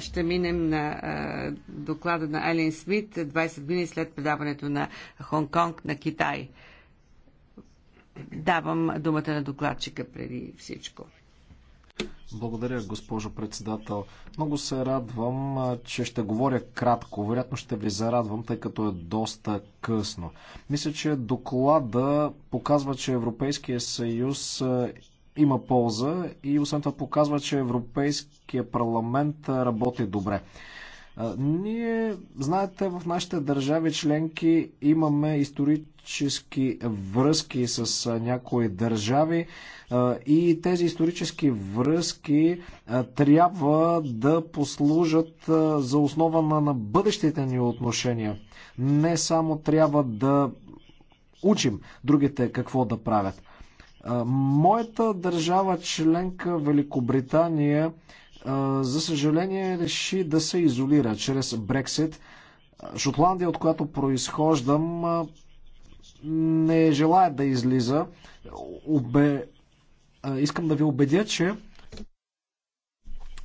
ще минем на доклада на Елен Смит 20 години след предаването на Хонг-Конг на Китай. Давам думата на докладчика преди всичко. Благодаря, госпожо председател. Много се радвам, че ще говоря кратко. Вероятно ще ви зарадвам, тъй като е доста късно. Мисля, че доклада показва, че Европейския съюз има полза и освен това показва, че Европейския парламент работи добре. Ние, знаете, в нашите държави членки имаме исторически връзки с някои държави и тези исторически връзки трябва да послужат за основа на, на бъдещите ни отношения. Не само трябва да учим другите какво да правят. Моята държава членка Великобритания за съжаление реши да се изолира чрез Брексит. Шотландия, от която произхождам, не желая да излиза. Обе... Искам да ви убедя, че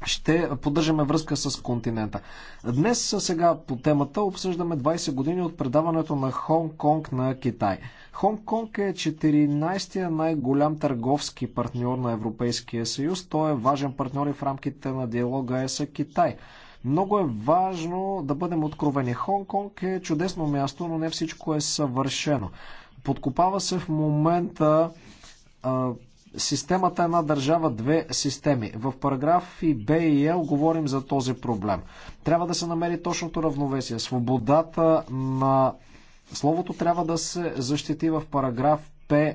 ще поддържаме връзка с континента. Днес сега по темата обсъждаме 20 години от предаването на Хонг Конг на Китай. Хонг Конг е 14-я най-голям търговски партньор на Европейския съюз. Той е важен партньор и в рамките на диалога ЕСА Китай. Много е важно да бъдем откровени. Хонг Конг е чудесно място, но не всичко е съвършено. Подкопава се в момента Системата е една държава, две системи. В параграфи Б и Л е говорим за този проблем. Трябва да се намери точното равновесие. Свободата на словото трябва да се защити в параграф П.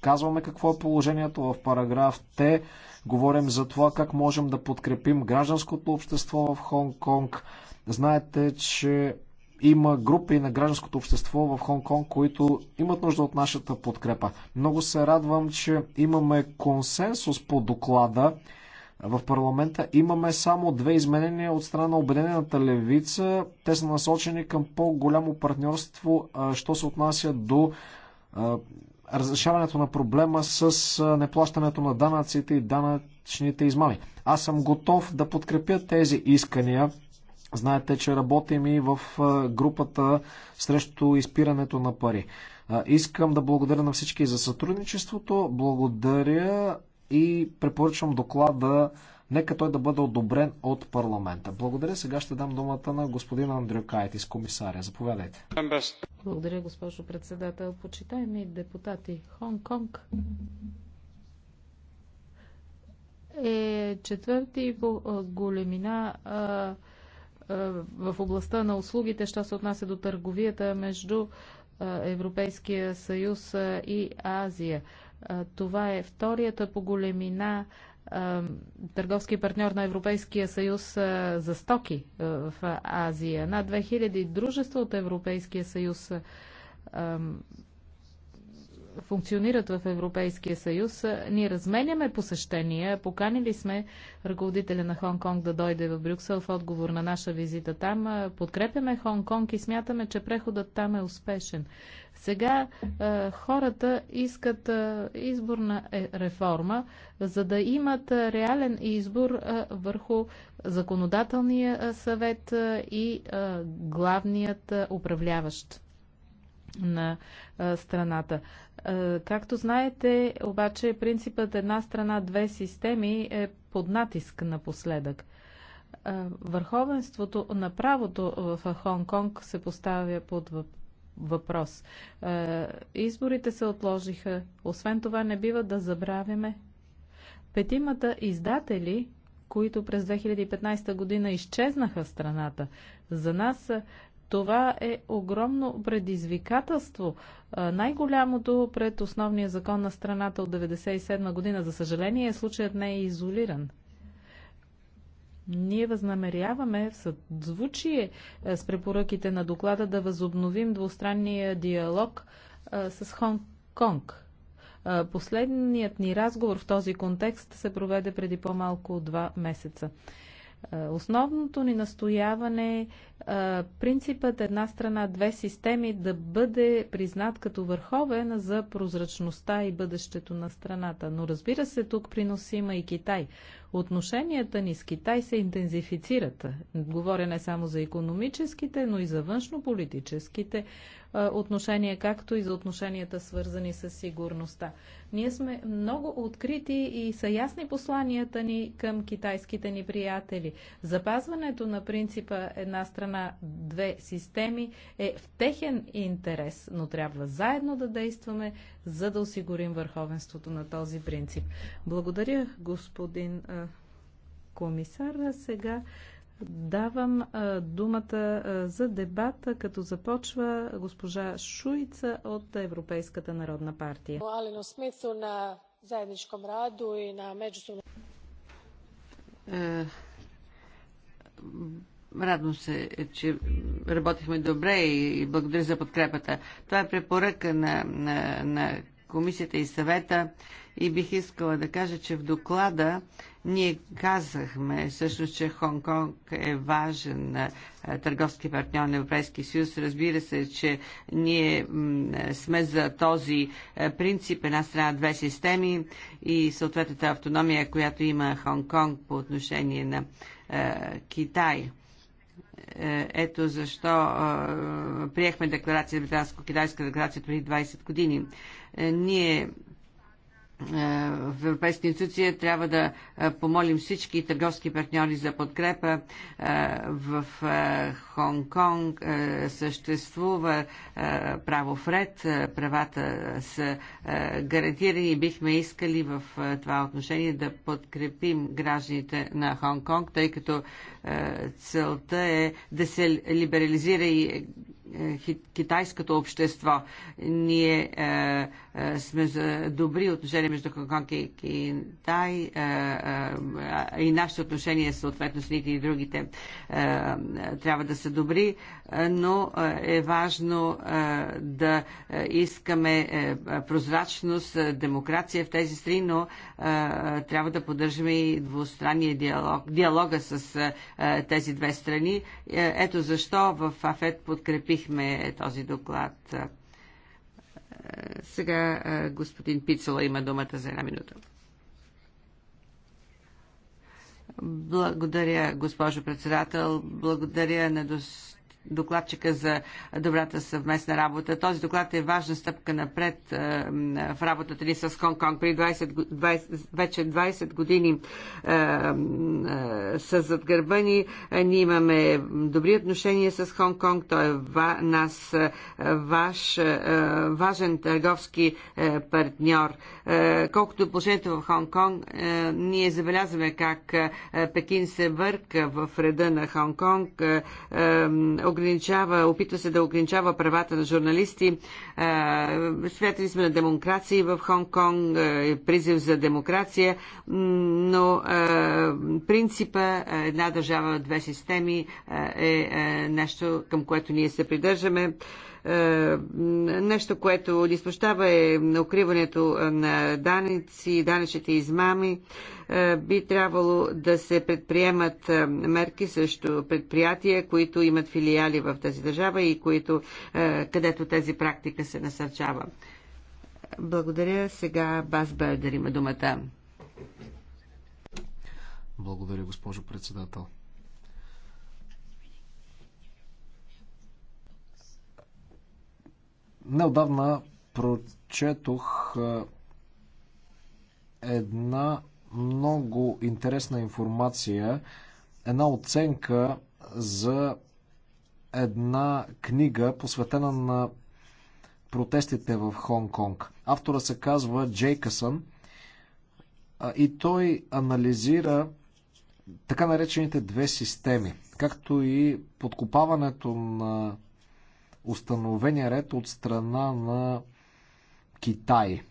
Казваме какво е положението в параграф Т. Говорим за това как можем да подкрепим гражданското общество в Хонг-Конг. Знаете, че има групи на гражданското общество в Хонг-Конг, които имат нужда от нашата подкрепа. Много се радвам, че имаме консенсус по доклада в парламента. Имаме само две изменения от страна на Обединената левица. Те са насочени към по-голямо партньорство, що се отнася до разрешаването на проблема с неплащането на данъците и данъчните измами. Аз съм готов да подкрепя тези искания Знаете, че работим и в групата срещу изпирането на пари. Искам да благодаря на всички за сътрудничеството. Благодаря и препоръчвам доклада. Нека той да бъде одобрен от парламента. Благодаря. Сега ще дам думата на господин Андрю Кайтис, комисаря. Заповядайте. Благодаря, госпожо председател. Почитаеми депутати, Хонг-Конг е четвърти по големина а, е, в областта на услугите, що се отнася до търговията между е, Европейския съюз е, и Азия. Това е вторията по големина търговски партньор на Европейския съюз за стоки в Азия. Над 2000 дружества от Европейския съюз функционират в Европейския съюз. Ние разменяме посещения. Поканили сме ръководителя на Хонг-Конг да дойде в Брюксел в отговор на наша визита там. Подкрепяме Хонг-Конг и смятаме, че преходът там е успешен. Сега хората искат изборна е, реформа, за да имат реален избор върху законодателния съвет и главният управляващ на страната. Както знаете, обаче принципът една страна, две системи е под натиск напоследък. Върховенството на правото в Хонг-Конг се поставя под въпрос. Изборите се отложиха. Освен това, не бива да забравяме петимата издатели, които през 2015 година изчезнаха страната. За нас това е огромно предизвикателство. Най-голямото пред основния закон на страната от 1997 година. За съжаление, е случаят не е изолиран. Ние възнамеряваме в съдзвучие с препоръките на доклада да възобновим двустранния диалог с Хонг-Конг. Последният ни разговор в този контекст се проведе преди по-малко от два месеца. Е, основното ни настояване е принципът една страна, две системи да бъде признат като върховен за прозрачността и бъдещето на страната. Но разбира се, тук приносима има и Китай. Отношенията ни с Китай се интензифицират. Говоря не само за економическите, но и за външнополитическите отношения, както и за отношенията свързани с сигурността. Ние сме много открити и са ясни посланията ни към китайските ни приятели. Запазването на принципа една страна, две системи е в техен интерес, но трябва заедно да действаме за да осигурим върховенството на този принцип. Благодаря, господин комисар. Сега давам думата за дебата, като започва госпожа Шуица от Европейската народна партия. Радвам е, се, е, че работихме добре и благодаря за подкрепата. Това е препоръка на, на, на комисията и съвета и бих искала да кажа, че в доклада ние казахме всъщност, че Хонг-Конг е важен търговски партньор на Европейския съюз. Разбира се, че ние сме за този принцип една страна две системи и съответната автономия, която има Хонг-Конг по отношение на Китай. Е, ето защо приехме декларация, британско-китайска декларация преди 20 години. Е, ние е, в Европейска институция трябва да е, помолим всички търговски партньори за подкрепа. Е, в Хонг-Конг съществува правов ред, правата са гарантирани и бихме искали в това отношение да подкрепим гражданите на Хонг-Конг, тъй като целта е да се либерализира и е, китайското общество. Ние е, е, сме за добри отношения между Хонконг и Китай е, е, и нашите отношения съответно с ните и другите е, трябва да са добри, но е важно да искаме прозрачност, демокрация в тези страни, но трябва да поддържаме и двустранния диалог, диалога с тези две страни. Ето защо в АФЕТ подкрепих приехме този доклад. Е, сега е, господин Пицела има думата за една минута. Благодаря, госпожо председател. Благодаря на дос докладчика за добрата съвместна работа. Този доклад е важна стъпка напред е, в работата ни с Хонг-Конг. При 20, 20, вече 20 години е, е, са зад гърба ни. Ние имаме добри отношения с Хонг-Конг. Той е ва, нас ваш, важен търговски партньор. Колкото до положението в Хонг-Конг, ние забелязваме как Пекин се върка в реда на Хонг-Конг ограничава, опитва се да ограничава правата на журналисти. Е, свидетели сме на демокрации в Хонг-Конг, е, призив за демокрация, но е, принципа една държава, две системи е нещо, към което ние се придържаме. Е, нещо, което ни смущава е укриването на данници, данъчните измами. Е, би трябвало да се предприемат е, мерки срещу предприятия, които имат филиали в тази държава и които, където тази практика се насърчава. Благодаря. Сега Бас Бердер има думата. Благодаря, госпожо председател. Неодавна прочетох е, една много интересна информация, една оценка за една книга, посветена на протестите в Хонг-Конг. Автора се казва Джейкъсън и той анализира така наречените две системи, както и подкопаването на установения ред от страна на Китай.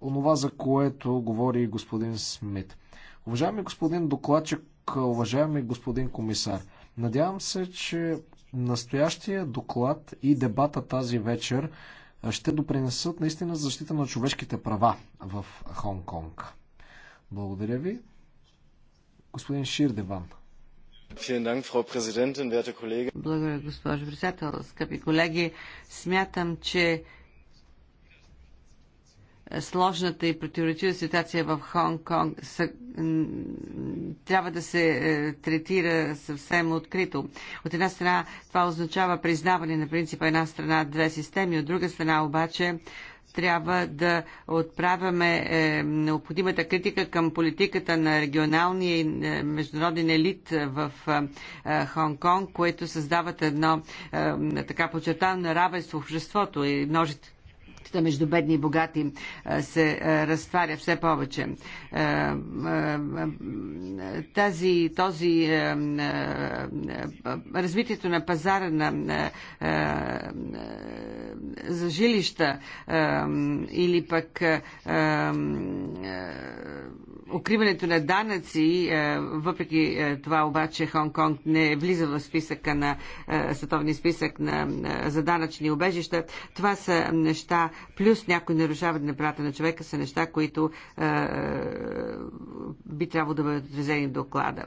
Онова, за което говори господин Смит. Уважаеми господин докладчик, уважаеми господин комисар, надявам се, че настоящия доклад и дебата тази вечер ще допринесат наистина защита на човешките права в Хонг Конг. Благодаря ви. Господин Ширдеван. Благодаря, госпожо председател. Скъпи колеги, смятам, че сложната и противоречива ситуация в Хонг-Конг трябва да се е, третира съвсем открито. От една страна това означава признаване на принципа една страна, две системи, от друга страна обаче трябва да отправяме е, необходимата критика към политиката на регионалния и е, международен елит в е, Хонг-Конг, което създават едно така подчертано равенство в обществото и множите. Разликата между бедни и богати се разтваря все повече. Тази, този развитието на пазара на за жилища или пък укриването на данъци, е, въпреки е, това обаче Хонг-Конг не е влиза в списъка на световния списък на, за данъчни убежища. Това са неща, плюс някои нарушаване на правата на човека, са неща, които би трябвало да бъдат отразени в доклада.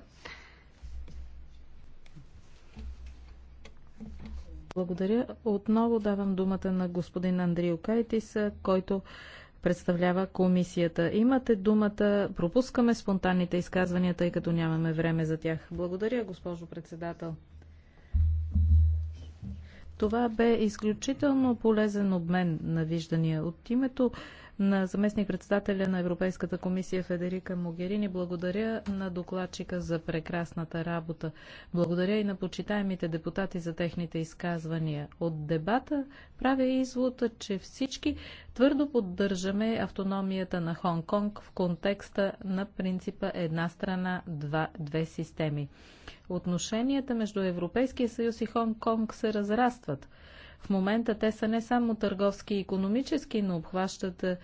Благодаря. Отново давам думата на господин Андрио Кайтис, който представлява комисията. Имате думата. Пропускаме спонтанните изказвания, тъй като нямаме време за тях. Благодаря, госпожо председател. Това бе изключително полезен обмен на виждания. От името на заместник-председателя на Европейската комисия Федерика Могерини. Благодаря на докладчика за прекрасната работа. Благодаря и на почитаемите депутати за техните изказвания. От дебата правя извод, че всички твърдо поддържаме автономията на Хонг-Конг в контекста на принципа една страна, два, две системи. Отношенията между Европейския съюз и Хонг-Конг се разрастват. В момента те са не само търговски и економически, но обхващат е,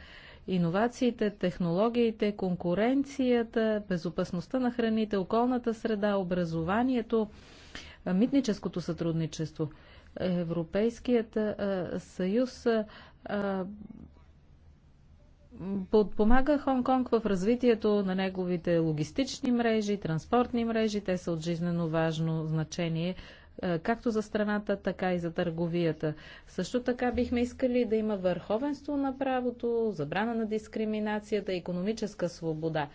иновациите, технологиите, конкуренцията, безопасността на храните, околната среда, образованието, е, митническото сътрудничество. Европейският е, съюз подпомага Хонг-Конг в развитието на неговите логистични мрежи, транспортни мрежи. Те са от жизнено важно значение е, както за страната, така и за търговията. Също така бихме искали да има върховенство на правото, забрана на дискриминацията, економическа свобода.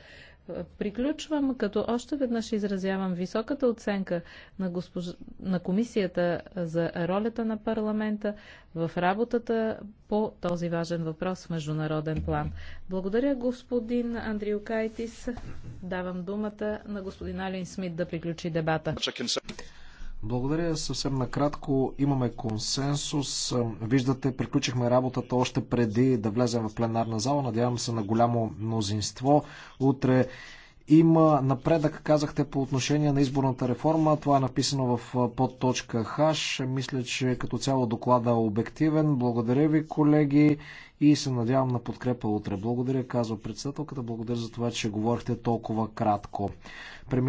Е, приключвам, като още веднъж изразявам високата оценка на, госпож... на комисията за ролята на парламента в работата по този важен въпрос в международен план. Благодаря господин Андрио Кайтис. Давам думата на господин Алин Смит да приключи дебата. Благодаря. Съвсем накратко имаме консенсус. Виждате, приключихме работата още преди да влезем в пленарна зала. Надявам се на голямо мнозинство. Утре има напредък, казахте, по отношение на изборната реформа. Това е написано в подточка ХАШ. Мисля, че като цяло доклада е обективен. Благодаря ви, колеги, и се надявам на подкрепа утре. Благодаря, казва председателката. Благодаря за това, че говорихте толкова кратко.